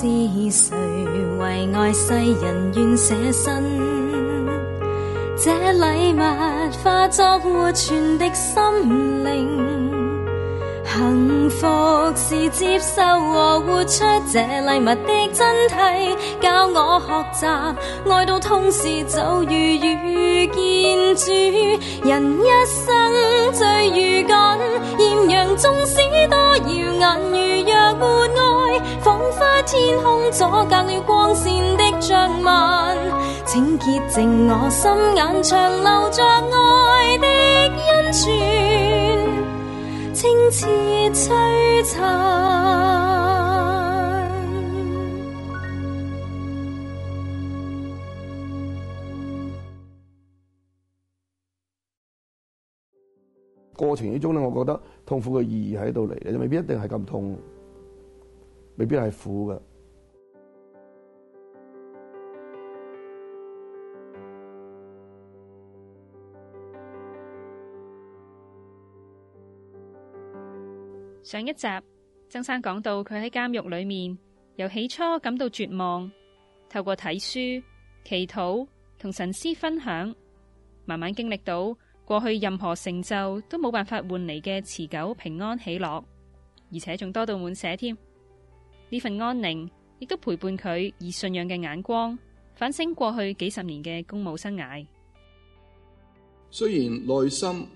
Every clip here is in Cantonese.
是誰為愛世人願捨身？這禮物化作活泉的心靈，幸福是接受和活出這禮物的真諦，教我學習愛到痛時就如遇見主。人一生最如緊，艷陽縱使多耀眼，如若沒愛，仿佛天空阻隔了光線的暢漫。請潔淨我心眼，長留着愛的恩轉，清澈璀璨。過程之中咧，我覺得痛苦嘅意義喺度嚟，你未必一定係咁痛嘅，未必係苦嘅。上一集曾生講到，佢喺監獄裏面，由起初感到絕望，透過睇書、祈禱同神師分享，慢慢經歷到。過去任何成就都冇辦法換嚟嘅持久平安喜樂，而且仲多到滿寫添。呢份安寧亦都陪伴佢以信仰嘅眼光反省過去幾十年嘅公務生涯。雖然內心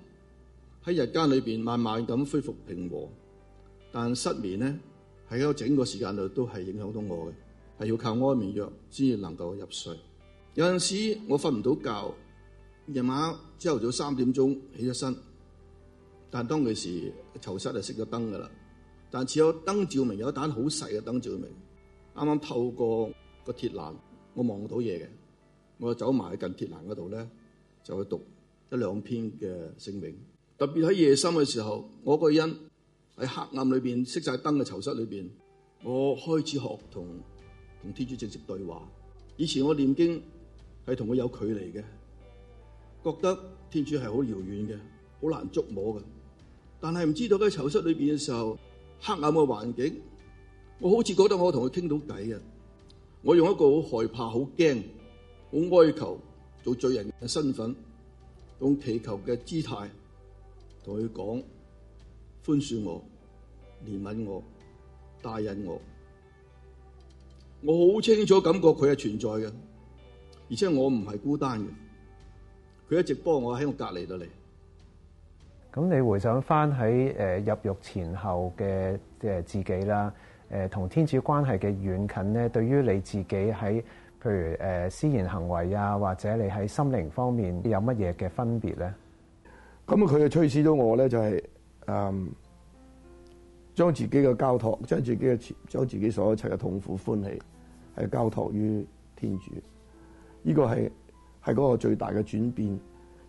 喺日間裏邊慢慢咁恢復平和，但失眠呢喺我整個時間內都係影響到我嘅，係要靠安眠藥先至能夠入睡。有陣時我瞓唔到覺。夜晚朝頭早上，三點鐘起咗身，但係當其時，囚室就熄咗燈噶啦。但係有燈照明，有一盞好細嘅燈照明，啱啱透過個鐵欄，我望到嘢嘅。我就走埋去近鐵欄嗰度咧，就去讀一兩篇嘅聖詠。特別喺夜深嘅時候，我個人喺黑暗裏邊熄晒燈嘅囚室裏邊，我開始學同同天主正式對話。以前我念經係同佢有距離嘅。覺得天主係好遙遠嘅，好難捉摸嘅。但係唔知道喺囚室裏面嘅時候，黑暗嘅環境，我好似覺得我同佢傾到偈嘅。我用一個好害怕、好驚、好哀求做罪人嘅身份，用祈求嘅姿態同佢講寬恕我、憐憫我、帶引我，我。我好清楚感覺佢係存在嘅，而且我唔係孤單嘅。佢一直幫我喺度隔離到你。咁你回想翻喺，誒入獄前後嘅誒自己啦，誒同天主關係嘅遠近咧，對於你自己喺譬如誒私人行為啊，或者你喺心靈方面有乜嘢嘅分別咧？咁佢就促使到我咧，就係、是、嗯將自己嘅交託，將自己嘅、將自己所有一切嘅痛苦歡喜係交託於天主。呢、這個係。係嗰個最大嘅轉變，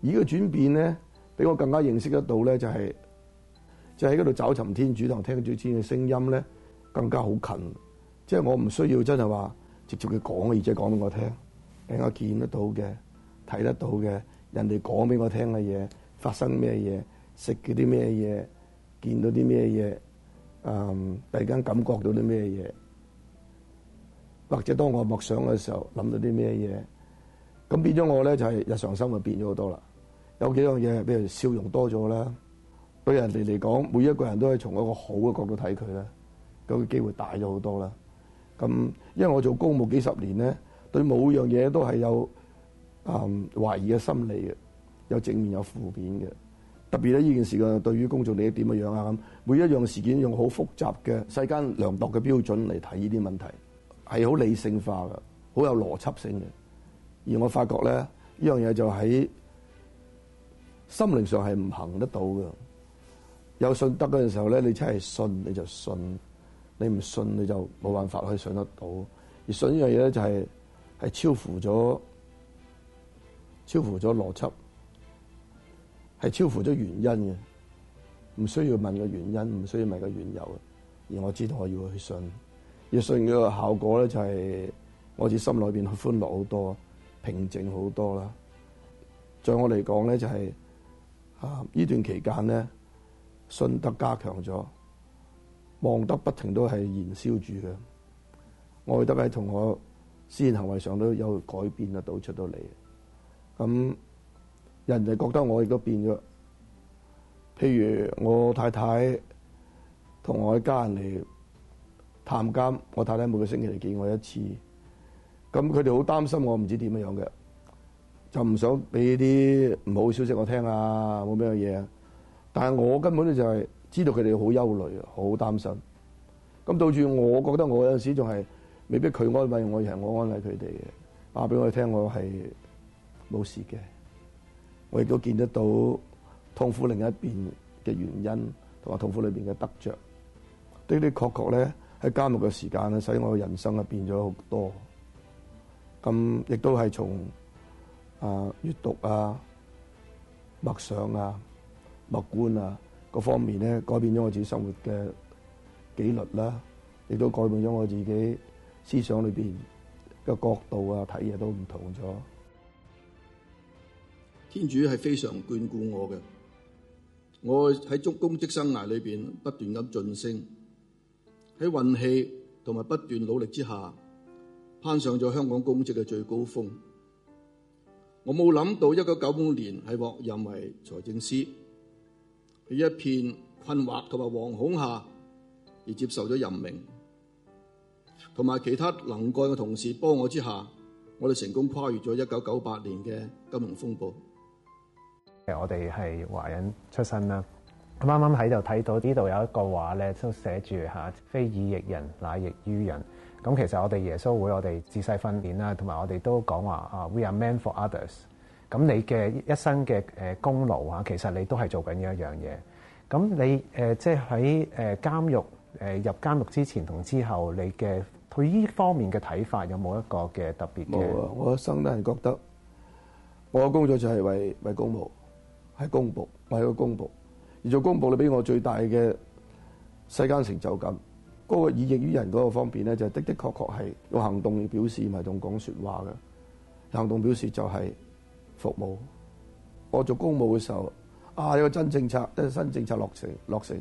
而這個轉變咧，俾我更加認識得到咧、就係，就係就喺嗰度找尋天主同聽天主嘅聲音咧，更加好近。即、就、係、係、我唔需要真係話直接佢講，而且講俾我聽，令我見得到嘅、睇得到嘅，人哋講俾我聽嘅嘢，發生咩嘢，食嗰啲咩嘢，見到啲咩嘢，嗯，突然間感覺到啲咩嘢，或者當我默想嘅時候諗到啲咩嘢。咁變咗我咧就係、是、日常生活變咗好多啦，有幾樣嘢比如笑容多咗啦，對人哋嚟講，每一個人都係從一個好嘅角度睇佢咧，咁、那、嘅、個、機會大咗好多啦。咁因為我做公務幾十年咧，對每樣嘢都係有、嗯、懷疑嘅心理嘅，有正面有負面嘅。特別咧呢件事嘅對於公眾你係點樣呀？啊咁，每一樣事件用好複雜嘅世間量度嘅標準嚟睇呢啲問題，係好理性化嘅，好有邏輯性嘅。而我發覺咧，呢樣嘢就喺心靈上係唔行得到嘅。有信德嗰陣時候咧，你真係信你就信，你唔信你就冇辦法去信得到。而信呢樣嘢咧，就係、係、係超乎咗超乎咗邏輯，係超乎咗原因嘅。唔需要問個原因，唔需要問個緣由。而我知道我要去信，而信嘅效果咧就係、係、我自心裏面去歡樂好多。平靜好多啦，在我嚟講咧就係、是，啊呢段期間咧信德加強咗，望德不停都係燃燒住嘅，愛德喺同我善行為上都有改變得到出到嚟，咁人哋覺得我亦都變咗，譬如我太太同我嘅家人嚟探監，我太太每個星期嚟見我一次。咁佢哋好擔心我，唔知點樣嘅，就唔想俾啲唔好消息我聽啊，冇咩嘢。但係我根本咧就係知道佢哋好憂慮啊，好擔心。咁到住我覺得我有陣時仲係未必佢安慰我，係我安慰佢哋嘅。話俾佢哋聽，我係冇事嘅。我亦都見得到痛苦另一邊嘅原因，同埋痛苦裏邊嘅得着。的確確呢的確確咧喺監獄嘅時間咧，使我嘅人生啊變咗好多。咁、嗯、亦都係從啊閱讀啊默想啊默觀啊各方面咧改變咗我自己生活嘅紀律啦、啊，亦都改變咗我自己思想裏邊嘅角度啊，睇嘢都唔同咗。天主係非常眷顧我嘅，我喺中公職生涯裏邊不斷咁晉升，喺運氣同埋不斷努力之下。攀上咗香港公職嘅最高峰，我冇諗到一九九五年係獲任為財政司，喺一片困惑同埋惶恐下而接受咗任命，同埋其他能幹嘅同事幫我之下，我哋成功跨越咗一九九八年嘅金融風暴。我哋係華人出身啦，啱啱喺度睇到呢度有一個話咧，都寫住吓：非以役人，乃役於人。咁其實我哋耶穌會，我哋自細訓練啦，同埋我哋都講話啊，We are men for others。咁你嘅一生嘅功勞啊，其實你都係做緊呢一樣嘢。咁你即係喺監獄、呃、入監獄之前同之後，你嘅對呢方面嘅睇法有冇一個嘅特別嘅？冇啊！我一生都係覺得，我嘅工作就係為為公務，係公務，我係個公務。而做公務，你俾我最大嘅世間成就感。嗰、那個以役於人嗰個方面咧，就係、的的確確係用行動嚟表示，唔係同講説話嘅行動表示就係服務。我做公務嘅時候啊，有真，有個新政策，即係新政策落成落成，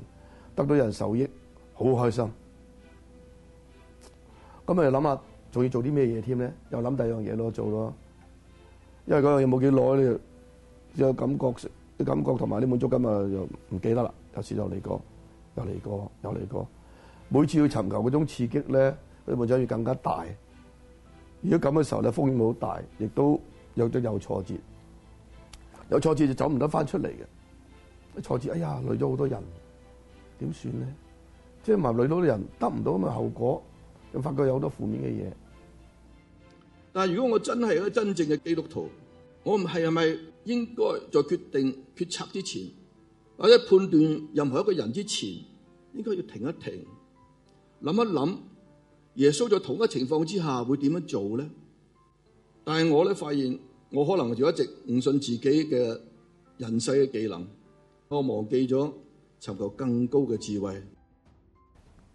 得到人受益，好開心。咁咪諗下仲要做啲咩嘢添咧？又諗第二樣嘢咯，做咯。因為嗰樣嘢冇幾耐，你就有感覺，啲感覺同埋啲滿足感啊，又唔記得啦。有時又嚟過，又嚟過，又嚟過。每次要尋求嗰種刺激咧，嗰啲夢想要更加大。如果咁嘅時候咧，風險好大，亦都有咗有挫折，有挫折就走唔得翻出嚟嘅。挫折，哎呀，累咗好多人，點算咧？即係話累到啲人得唔到，咁嘅後果，就發覺有好多負面嘅嘢。但如果我真係一個真正嘅基督徒，我唔係係咪應該在決定決策之前，或者判斷任何一個人之前，應該要停一停？諗一諗，耶穌在同一情況之下會點樣做咧？但係我咧，發現我可能就一直唔信自己嘅人世嘅技能，我忘記咗尋求更高嘅智慧。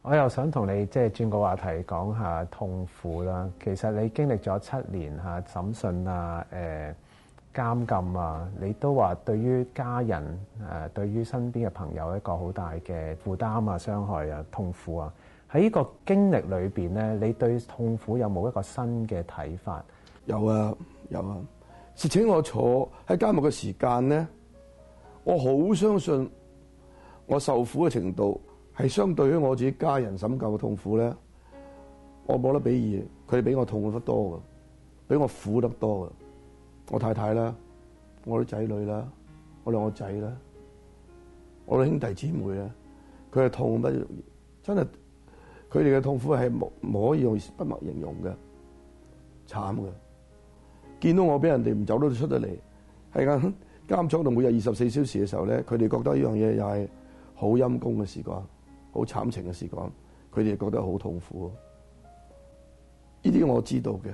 我又想同你即係轉個話題，講下痛苦啦。其實你經歷咗七年吓審訊啊、誒、呃、監禁啊，你都話對於家人誒、呃，對於身邊嘅朋友一個好大嘅負擔啊、傷害啊、痛苦啊。喺呢個經歷裏面，咧，你對痛苦有冇一個新嘅睇法？有啊，有啊。實情我坐喺監獄嘅時間咧，我好相信我受苦嘅程度係相對於我自己家人承受嘅痛苦咧，我冇得比二，佢比我痛苦得多嘅，比我苦得多嘅。我太太啦，我啲仔女啦，我兩個仔啦，我啲兄弟姊妹咧，佢係痛不欲生，真係。佢哋嘅痛苦係冇可以用筆墨形容嘅，慘嘅。見到我俾人哋唔走都出得嚟，喺間監倉度每日二十四小時嘅時候咧，佢哋覺得呢樣嘢又係好陰功嘅事幹，好慘情嘅事幹，佢哋覺得好痛苦。呢啲我知道嘅，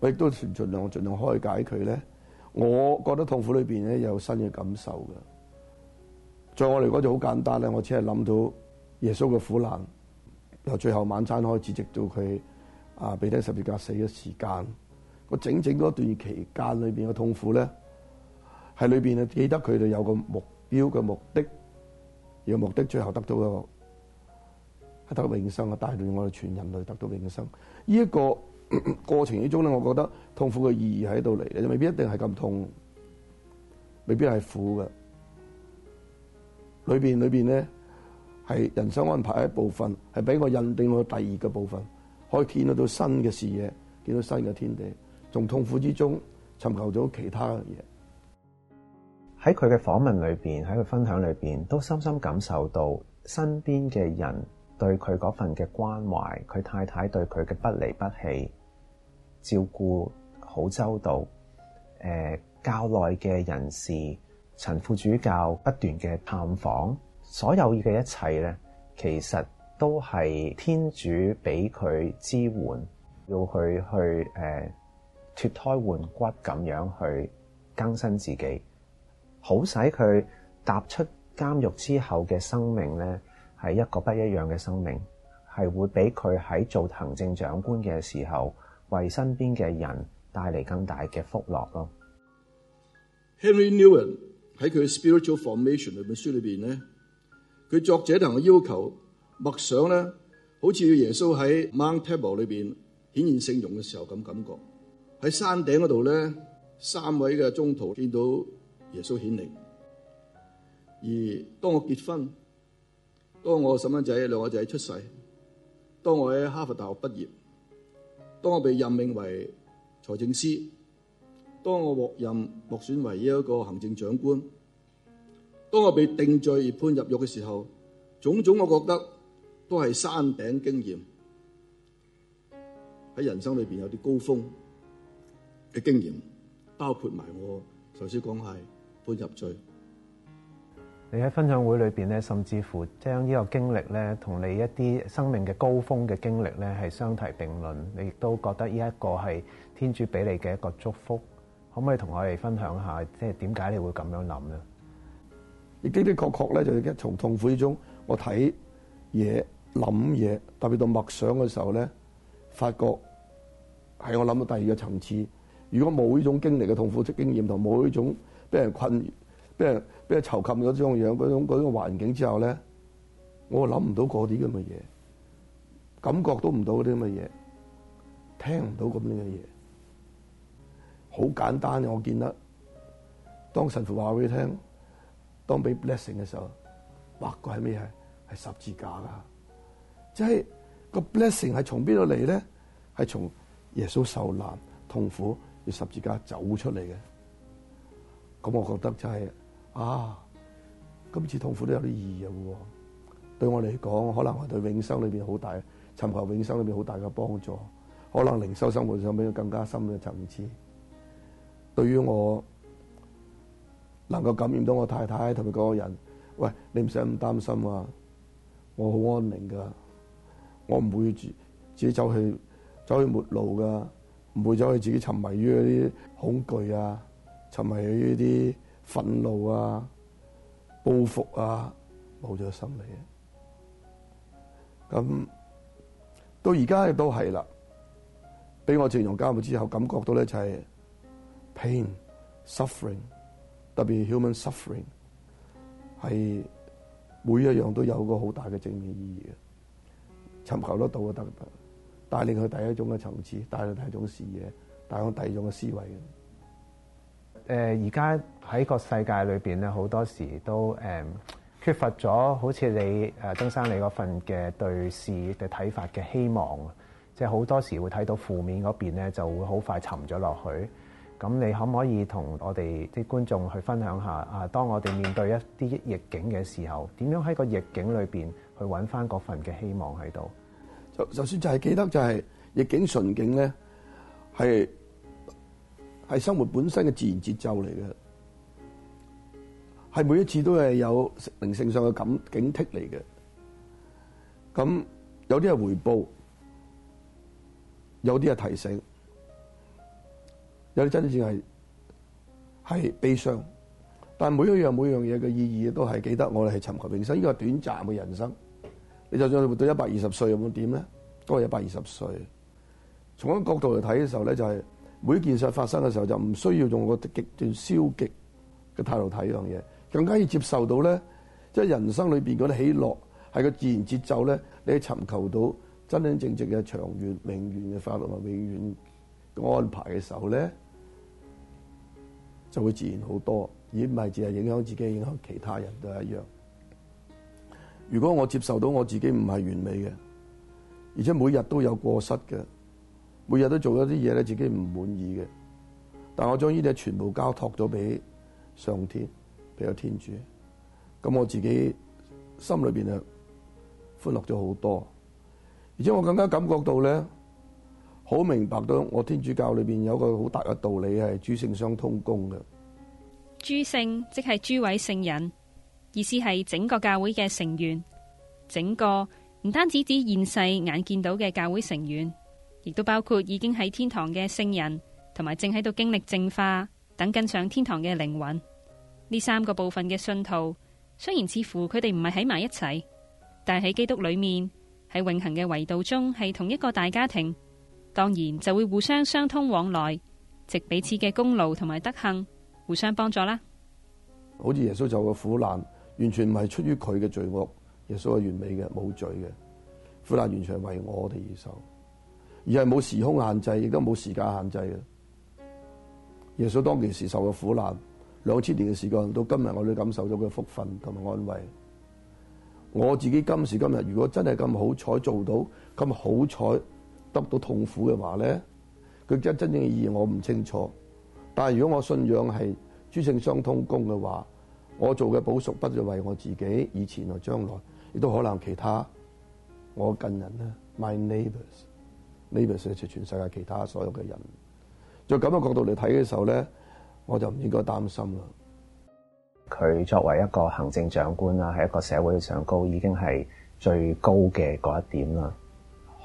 我亦都盡盡量盡量開解佢咧。我覺得痛苦裏邊咧有新嘅感受嘅。在我嚟講就好簡單咧，我只係諗到耶穌嘅苦難。由最後晚餐開始，直到佢啊被丁十字架死嘅時間，個整整嗰段期間裏邊嘅痛苦咧，喺裏邊啊記得佢哋有個目標嘅目的，有個目的最後得到一個係得到永生啊，帶領我哋全人類得到永生。呢、這、一個過程之中咧，我覺得痛苦嘅意義喺度嚟嘅，未必一定係咁痛，未必係苦嘅。裏邊裏邊咧。係人生安排的一部分，係俾我認定我第二個部分，可以見到到新嘅視野，見到新嘅天地，從痛苦之中尋求咗其他嘢。喺佢嘅訪問裏邊，喺佢分享裏邊，都深深感受到身邊嘅人對佢嗰份嘅關懷，佢太太對佢嘅不離不棄，照顧好周到。誒、呃，教內嘅人士陳副主教不斷嘅探訪。所有嘅一切咧，其實都係天主俾佢支援，要佢去誒、呃、脫胎換骨，咁樣去更新自己，好使佢踏出監獄之後嘅生命咧，係一個不一樣嘅生命，係會俾佢喺做行政長官嘅時候，為身邊嘅人帶嚟更大嘅福樂咯。Henry Newen 喺佢 Spiritual Formation 裏面書裏邊咧。佢作者同我要求默想咧，好似要耶穌喺 Mount Tabor 裏邊顯現聖容嘅時候咁感覺，喺山頂嗰度咧，三位嘅宗徒見到耶穌顯靈。而當我結婚，當我細蚊仔、兩個仔出世，當我喺哈佛大學畢業，當我被任命為財政司，當我獲任、獲選為一個行政長官。當我被定罪而判入獄嘅時候，種種我覺得都係山頂經驗。喺人生裏邊有啲高峰嘅經驗，包括埋我頭先講係判入罪。你喺分享會裏邊咧，甚至乎將呢個經歷咧，同你一啲生命嘅高峰嘅經歷咧，係相提並論，你亦都覺得呢一個係天主俾你嘅一個祝福。可唔可以同我哋分享下，即係點解你會咁樣諗咧？亦的的確確咧，就而家從痛苦之中，我睇嘢、諗嘢，特別到默想嘅時候咧，發覺係我諗到第二個層次。如果冇呢種經歷嘅痛苦即經驗，同冇呢種俾人困、俾人俾人囚禁咗嗰種樣、嗰種、種環境嗰種、嗰種環境之後咧，我諗唔到嗰啲咁嘅嘢，感覺都唔到嗰啲咁嘅嘢，聽唔到咁樣嘅嘢。好簡單，我見得當神父話俾你聽。當俾 blessing 嘅時候，八個係咩啊？係十字架啦，即係個 blessing 係從邊度嚟咧？係從耶穌受難、痛苦與十字架走出嚟嘅。咁我覺得真係啊，今次痛苦都有啲意義嘅。對我嚟講，可能係對永生裏邊好大尋求永生裏邊好大嘅幫助，可能靈修生活上邊更加深嘅層次。對於我。能夠感染到我太太同埋嗰個人，喂，你唔使咁擔心啊！我好安寧噶，我唔會自己，自己走去走去末路噶，唔會走去自己沉迷於嗰啲恐懼啊，沉迷於啲憤怒啊、報復啊，冇咗心理的。咁到而家亦都係啦，俾我接受教誨之後，感覺到咧就係 pain、suffering。特別係 human suffering 係每一樣都有一個好大嘅正面意義嘅，尋求得到嘅，帶帶領佢第一種嘅層次，帶領第一種視野，帶領第二種嘅思維嘅。誒而家喺個世界裏邊咧，好多時都誒缺乏咗，好似你誒曾生你嗰份嘅對事嘅睇法嘅希望，即係好多時會睇到負面嗰邊咧，就會好快沉咗落去。咁你可唔可以同我哋啲觀眾去分享下啊？當我哋面對一啲逆境嘅時候，點樣喺個逆境裏邊去揾翻嗰份嘅希望喺度？就就算就係記得就係、是、逆境順境咧，係係生活本身嘅自然節奏嚟嘅，係每一次都係有靈性上嘅感警惕嚟嘅。咁有啲係回報，有啲係提醒。有啲真正係係悲傷，但係每一樣每一樣嘢嘅意義都係記得。我哋係尋求永生，呢個係短暫嘅人生，你就算活到一百二十歲又點咧？都係一百二十歲。從一個角度嚟睇嘅時候咧，就係每件事發生嘅時候就唔需要用個極端消極嘅態度睇呢樣嘢，更加要接受到咧，即係人生裏邊嗰啲起落係個自然節奏咧。你尋求到真真正正嘅長遠、永遠嘅法樂同永遠嘅安排嘅時候咧，就會自然好多，而唔係淨係影響自己，影響其他人都係一樣。如果我接受到我自己唔係完美嘅，而且每日都有過失嘅，每日都做咗啲嘢咧自己唔滿意嘅，但我將呢啲全部交託咗俾上天，俾咗天主，咁我自己心裏邊啊歡樂咗好多，而且我更加感覺到咧。好明白到我天主教裏邊有一個好大嘅道理，係諸聖相通功嘅。諸聖即係諸位聖人，意思係整個教會嘅成員，整個唔單止指現世眼見到嘅教會成員，亦都包括已經喺天堂嘅聖人，同埋正喺度經歷淨化，等緊上天堂嘅靈魂呢三個部分嘅信徒。雖然似乎佢哋唔係喺埋一齊，但係喺基督裏面，喺永恆嘅維度中，係同一個大家庭。當然就會互相相通往來，藉彼此嘅功勞同埋德行，互相幫助啦。好似耶穌受嘅苦難，完全唔係出於佢嘅罪惡。耶穌係完美嘅，冇罪嘅。苦難完全係為我哋而受，而係冇時空限制，亦都冇時間限制嘅。耶穌當其時受嘅苦難，兩千年嘅時間到今日，我都感受咗佢嘅福分同埋安慰。我自己今時今日，如果真係咁好彩做到，咁好彩。得到痛苦嘅話咧，佢真真正嘅意義我唔清楚。但係如果我信仰係諸聖相通功嘅話，我做嘅補贖不就為我自己，以前啊將來亦都可能其他我近人咧 my neighbours, neighbours 就全世界其他所有嘅人。在咁嘅角度嚟睇嘅時候咧，我就唔應該擔心啦。佢作為一個行政長官啦，係一個社會上高，已經係最高嘅嗰一點啦。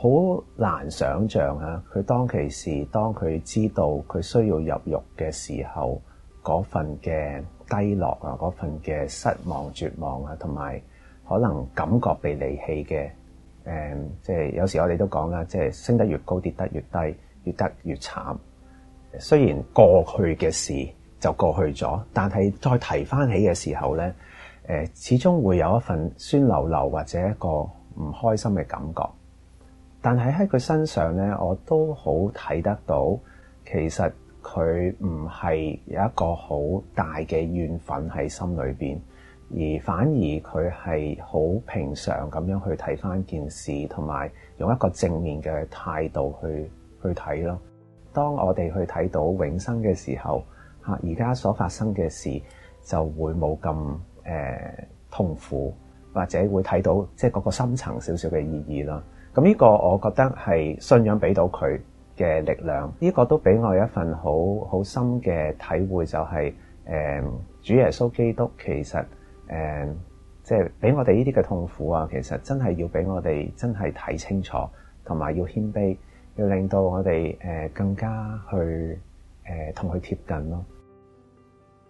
好難想象啊！佢當其時，當佢知道佢需要入獄嘅時候，嗰份嘅低落啊，嗰份嘅失望、絕望啊，同埋可能感覺被離棄嘅，誒、嗯，即係有時我哋都講啦，即係升得越高，跌得越低，越得越慘。雖然過去嘅事就過去咗，但係再提翻起嘅時候咧，誒、嗯，始終會有一份酸溜溜或者一個唔開心嘅感覺。但係喺佢身上咧，我都好睇得到，其實佢唔係有一個好大嘅怨憤喺心裏邊，而反而佢係好平常咁樣去睇返件事，同埋用一個正面嘅態度去去睇咯。當我哋去睇到永生嘅時候，而家所發生嘅事就會冇咁誒痛苦，或者會睇到即係嗰個深層少少嘅意義啦。咁、這、呢個我覺得係信仰俾到佢嘅力量，呢、這個都俾我一份好好深嘅體會、就是，就係誒主耶穌基督其實誒即係俾我哋呢啲嘅痛苦啊，其實真係要俾我哋真係睇清楚，同埋要謙卑，要令到我哋、呃、更加去誒同佢貼近咯、啊。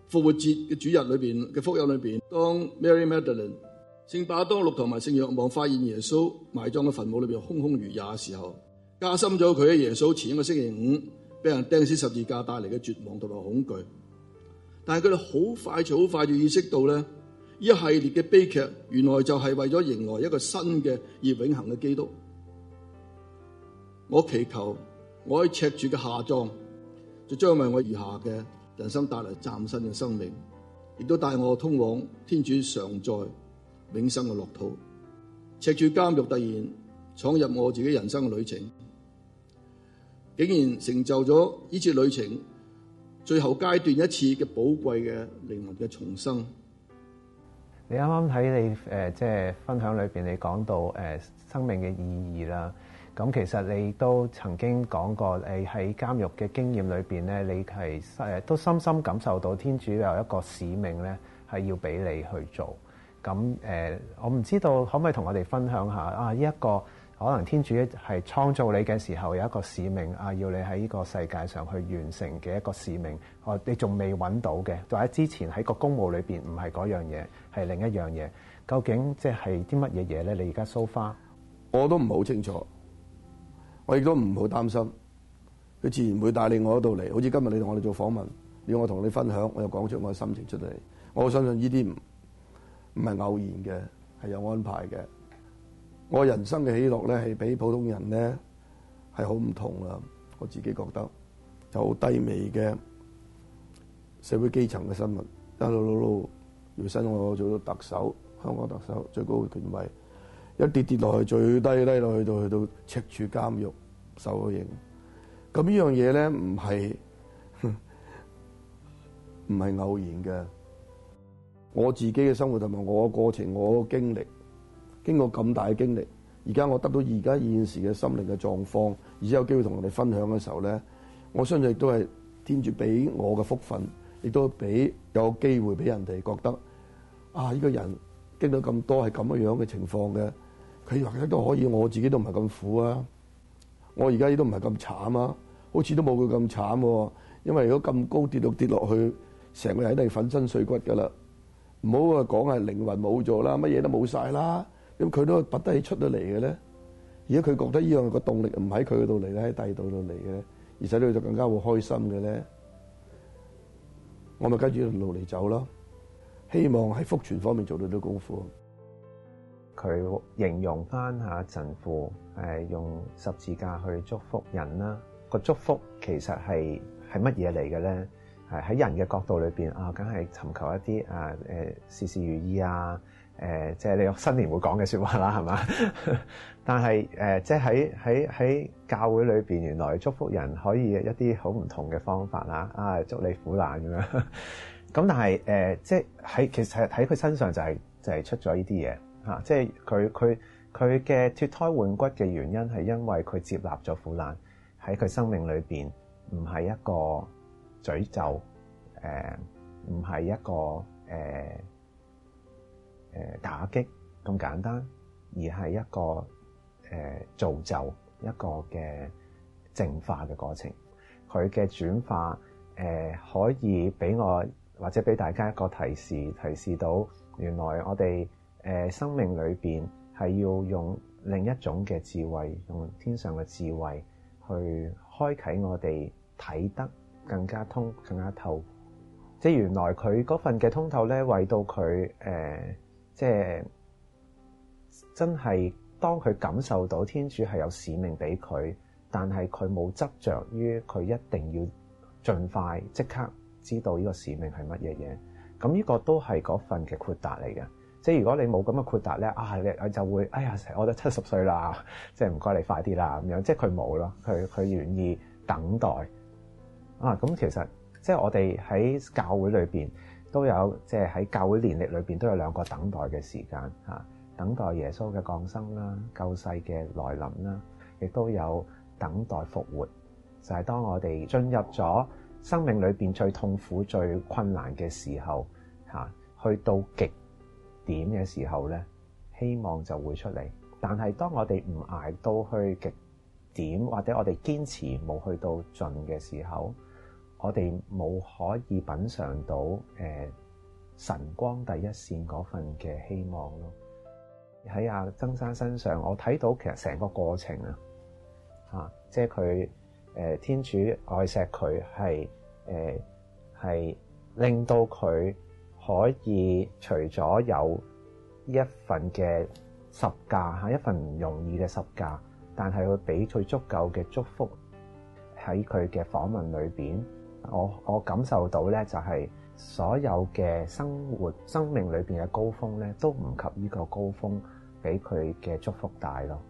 復活節嘅主日裏面，嘅福音裏面，當 Mary Magdalene。聖伯多祿同埋聖若望發現耶穌埋葬嘅墳墓裏邊空空如也嘅時候，加深咗佢喺耶穌前一個星期五俾人釘死十字架帶嚟嘅絕望同埋恐懼。但係佢哋好快就好快就意識到咧，這一系列嘅悲劇原來就係為咗迎來一個新嘅而永恆嘅基督。我祈求我喺赤住嘅下葬，就將為我餘下嘅人生帶嚟嶄新嘅生命，亦都帶我通往天主常在。永生嘅樂土，赤住監獄突然闖入我自己人生嘅旅程，竟然成就咗呢次旅程最後階段一次嘅寶貴嘅靈魂嘅重生。你啱啱喺你誒，即係分享裏邊你講到誒生命嘅意義啦。咁其實你都曾經講過，你喺監獄嘅經驗裏邊咧，你係誒都深深感受到天主有一個使命咧，係要俾你去做。咁、嗯、誒，我唔知道可唔可以同我哋分享一下啊？依、這、一個可能天主係創造你嘅時候有一個使命啊，要你喺呢個世界上去完成嘅一個使命，我、啊、你仲未揾到嘅，就喺之前喺個公務裏邊唔係嗰樣嘢，係另一樣嘢。究竟即係啲乜嘢嘢咧？你而家 so far，我都唔好清楚，我亦都唔好擔心。佢自然會帶領我到嚟。好似今日你同我哋做訪問，要我同你分享，我又講出我嘅心情出嚟。我相信呢啲唔～唔係偶然嘅，係有安排嘅。我人生嘅起落咧，係比普通人咧係好唔同啦。我自己覺得，好低微嘅社會基層嘅新聞一路一路要升我做到特首，香港特首最高嘅權位，一跌跌落去最低低落去，去到去到赤柱監獄受刑。咁呢樣嘢咧，唔係唔係偶然嘅。我自己嘅生活同埋我嘅過程，我嘅經歷，經過咁大嘅經歷，而家我得到而家現時嘅心靈嘅狀況，而且有機會同人哋分享嘅時候咧，我相信亦都係天主俾我嘅福分，亦都俾有機會俾人哋覺得，啊呢個人經歷到咁多係咁樣樣嘅情況嘅，佢或者都可以，我自己都唔係咁苦啊，我而家亦都唔係咁慘啊，好似都冇佢咁慘，因為如果咁高跌到跌落去，成個人都係粉身碎骨噶啦。唔好話講係靈魂冇咗啦，乜嘢都冇晒啦，咁佢都揼得起出到嚟嘅咧。如果佢覺得依樣個動力唔喺佢嗰度嚟咧，喺第二度度嚟嘅咧，而使到就更加會開心嘅咧，我咪跟住路嚟走咯。希望喺福傳方面做到啲功夫。佢形容翻下神父，誒用十字架去祝福人啦，個祝福其實係係乜嘢嚟嘅咧？喺人嘅角度裏邊啊，梗係尋求一啲啊誒事事如意啊誒、啊，即係你新年會講嘅説話啦，係嘛？ 但係誒、啊，即係喺喺喺教會裏邊，原來祝福人可以一啲好唔同嘅方法啦。啊，祝你苦難咁樣。咁、啊、但係誒、啊，即係喺其實喺佢身上就係、係、就係、係、出咗呢啲嘢嚇，即係佢佢佢嘅脱胎換骨嘅原因係因為佢接納咗苦難喺佢生命裏邊唔係一個詛咒，誒唔係一個誒誒、呃呃、打擊咁簡單，而係一個誒、呃、造就一個嘅淨化嘅過程。佢嘅轉化誒、呃、可以俾我或者俾大家一個提示，提示到原來我哋、呃、生命裏面係要用另一種嘅智慧，用天上嘅智慧去開啟我哋體得。更加通更加透，即係原來佢嗰份嘅通透咧，為到佢誒、呃，即係真係當佢感受到天主係有使命俾佢，但係佢冇執着於佢一定要盡快即刻知道呢個使命係乜嘢嘢。咁呢個都係嗰份嘅豁達嚟嘅。即係如果你冇咁嘅豁達咧，啊你就會哎呀，我都七十歲啦，即係唔該你快啲啦咁樣。即係佢冇咯，佢佢願意等待。啊，咁其實即係我哋喺教會裏面都有，即係喺教會年歷裏面都有兩個等待嘅時間嚇，等待耶穌嘅降生啦、救世嘅來臨啦，亦都有等待復活。就係，是，當我哋進入咗生命裏面最痛苦、最困難嘅時候嚇，去到極點嘅時候呢，希望就會出嚟。但係當我哋唔捱到去極點，或者我哋堅持冇去到盡嘅時候，我哋冇可以品嚐到誒、呃、晨光第一線嗰份嘅希望咯。喺阿曾生身上，我睇到其實成個過程啊，嚇，即係佢誒天主愛錫佢，係誒係令到佢可以除咗有一份嘅十架嚇，一份唔容易嘅十架，但係佢俾佢足夠嘅祝福喺佢嘅訪問裏邊。我我感受到咧，就係、是、所有嘅生活生命裏面嘅高峰咧，都唔及呢個高峰俾佢嘅祝福大咯。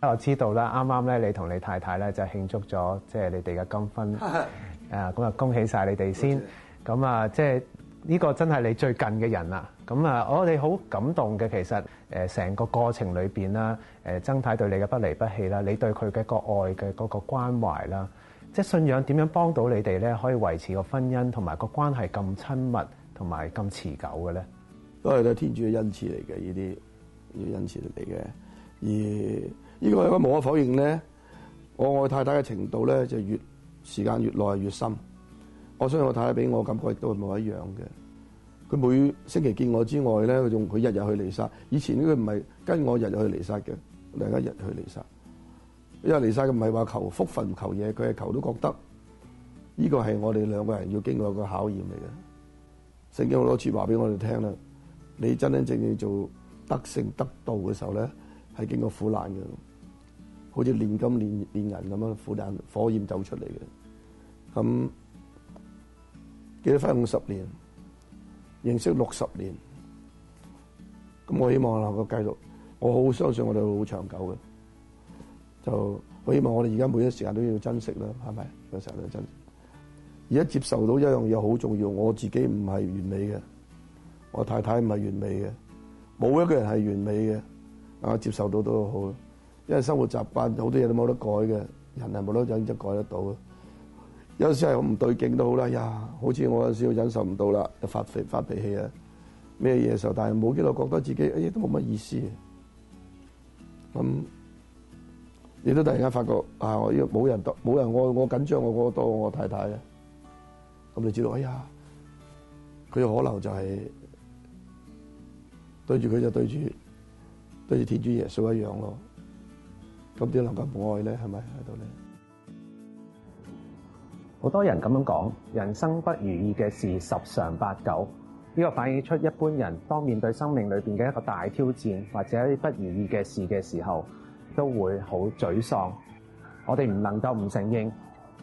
啊，我知道啦，啱啱咧你同你太太咧就慶祝咗，即、就、係、是、你哋嘅金婚，咁 啊，恭喜晒你哋先。咁 啊，即係呢個真係你最近嘅人啦。咁啊，我哋好感動嘅，其實成個過程裏面啦，誒曾太太對你嘅不離不棄啦，你對佢嘅個愛嘅嗰個關懷啦。即係信仰點樣幫到你哋咧？可以維持個婚姻同埋個關係咁親密同埋咁持久嘅咧？都係咧，天主嘅恩賜嚟嘅，呢啲呢啲恩賜嚟嘅。而呢個係一個無可否認咧，我愛太太嘅程度咧，就越時間越耐越深。我相信我太太俾我感覺亦都係冇一樣嘅。佢每星期見我之外咧，佢仲佢日日去彌撒。以前呢，佢唔係跟我日日去彌撒嘅，大家日日去彌撒。因為尼晒佢唔係話求福份求嘢，佢係求都覺得呢個係我哋兩個人要經過一個考驗嚟嘅。聖經好多次話俾我哋聽啦，你真真正正做得勝得道嘅時候咧，係經過苦難嘅，好似練金練練銀咁樣，苦難火焰走出嚟嘅。咁、嗯、結咗婚五十年，認識六十年，咁我希望能夠繼續，我好相信我哋會好長久嘅。就我希望我哋而家每一時間都要珍惜啦，係咪？每一時間都要珍惜。而家接受到一樣嘢好重要，我自己唔係完美嘅，我太太唔係完美嘅，冇一個人係完美嘅。啊，接受到都好，因為生活習慣好多嘢都冇得改嘅，人係冇得忍即改得到。有時係我唔對勁都好啦，哎、呀，好似我有時忍受唔到啦，就發脾脾氣啊，咩嘢嘅時候，但係冇幾耐覺得自己誒、哎、都冇乜意思，咁、嗯。你都突然間發覺啊！我冇人當冇人，我我緊張，我我當我，我太太咧。咁你知道，哎呀，佢可能就係對住佢就對住對住天主耶穌一樣咯。咁點能夠唔愛咧？係咪喺度咧？好多人咁樣講，人生不如意嘅事十常八九。呢、這個反映出一般人當面對生命裏邊嘅一個大挑戰或者一啲不如意嘅事嘅時候，都會好沮喪，我哋唔能夠唔承認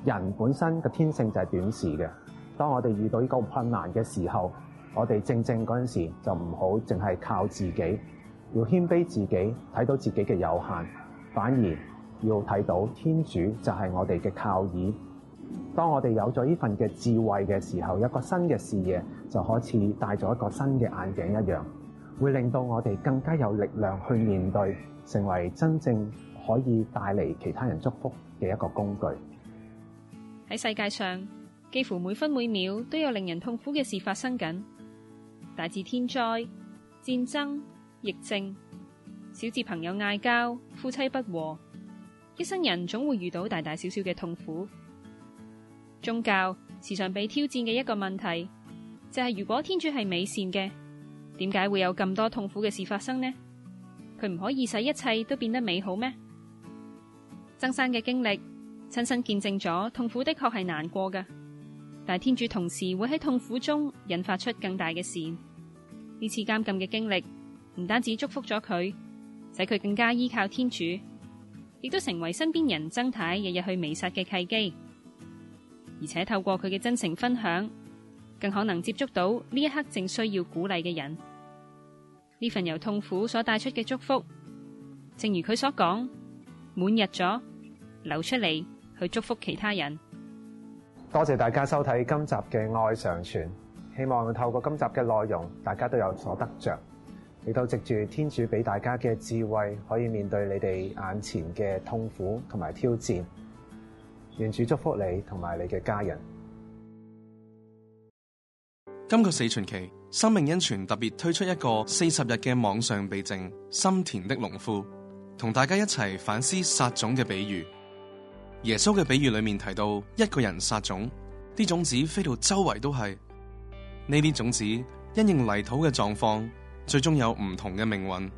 人本身嘅天性就係短視嘅。當我哋遇到呢個困難嘅時候，我哋正正嗰陣時就唔好淨係靠自己，要謙卑自己，睇到自己嘅有限，反而要睇到天主就係我哋嘅靠倚。當我哋有咗呢份嘅智慧嘅時候，一個新嘅視野就好似戴咗一個新嘅眼鏡一樣。會令到我哋更加有力量去面對，成為真正可以帶嚟其他人祝福嘅一個工具。喺世界上，幾乎每分每秒都有令人痛苦嘅事發生緊。大至天災、戰爭、疫症；小至朋友嗌交、夫妻不和。一生人總會遇到大大小小嘅痛苦。宗教時常被挑戰嘅一個問題，就係如果天主係美善嘅，點解會有咁多痛苦嘅事發生呢？佢唔可以使一切都變得美好咩？曾生嘅經歷親身見證咗痛苦的確係難過嘅，但係天主同時會喺痛苦中引發出更大嘅善。呢次監禁嘅經歷唔單止祝福咗佢，使佢更加依靠天主，亦都成為身邊人曾太日日去彌撒嘅契機。而且透過佢嘅真情分享，更可能接觸到呢一刻正需要鼓勵嘅人。呢份由痛苦所帶出嘅祝福，正如佢所講，滿溢咗流出嚟去祝福其他人。多謝大家收睇今集嘅愛常傳，希望透過今集嘅內容，大家都有所得着，亦都藉住天主俾大家嘅智慧，可以面對你哋眼前嘅痛苦同埋挑戰。願主祝福你同埋你嘅家人。今個四傳奇。生命恩泉特別推出一個四十日嘅網上避靜，心田的農夫同大家一齊反思撒種嘅比喻。耶穌嘅比喻裏面提到一個人撒種，啲種子飛到周圍都係。呢啲種子因應泥土嘅狀況，最終有唔同嘅命運。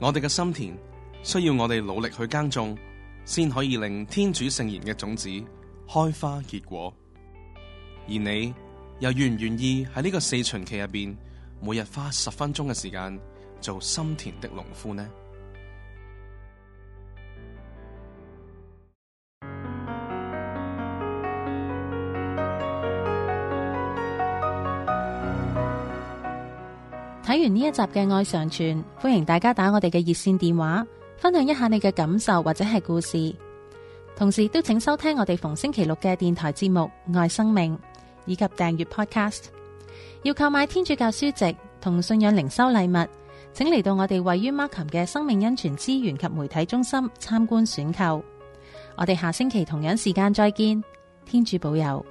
我哋嘅心田需要我哋努力去耕種，先可以令天主聖言嘅種子開花結果。而你。又願唔願意喺呢個四旬期入邊，每日花十分鐘嘅時間做心田的農夫呢？睇完呢一集嘅《愛常傳》，歡迎大家打我哋嘅熱線電話，分享一下你嘅感受或者係故事。同時，都請收聽我哋逢星期六嘅電台節目《愛生命》。以及訂閱 Podcast，要購買天主教書籍同信仰靈修禮物，請嚟到我哋位於 Markham 嘅生命恩泉資源及媒體中心參觀選購。我哋下星期同樣時間再見，天主保佑。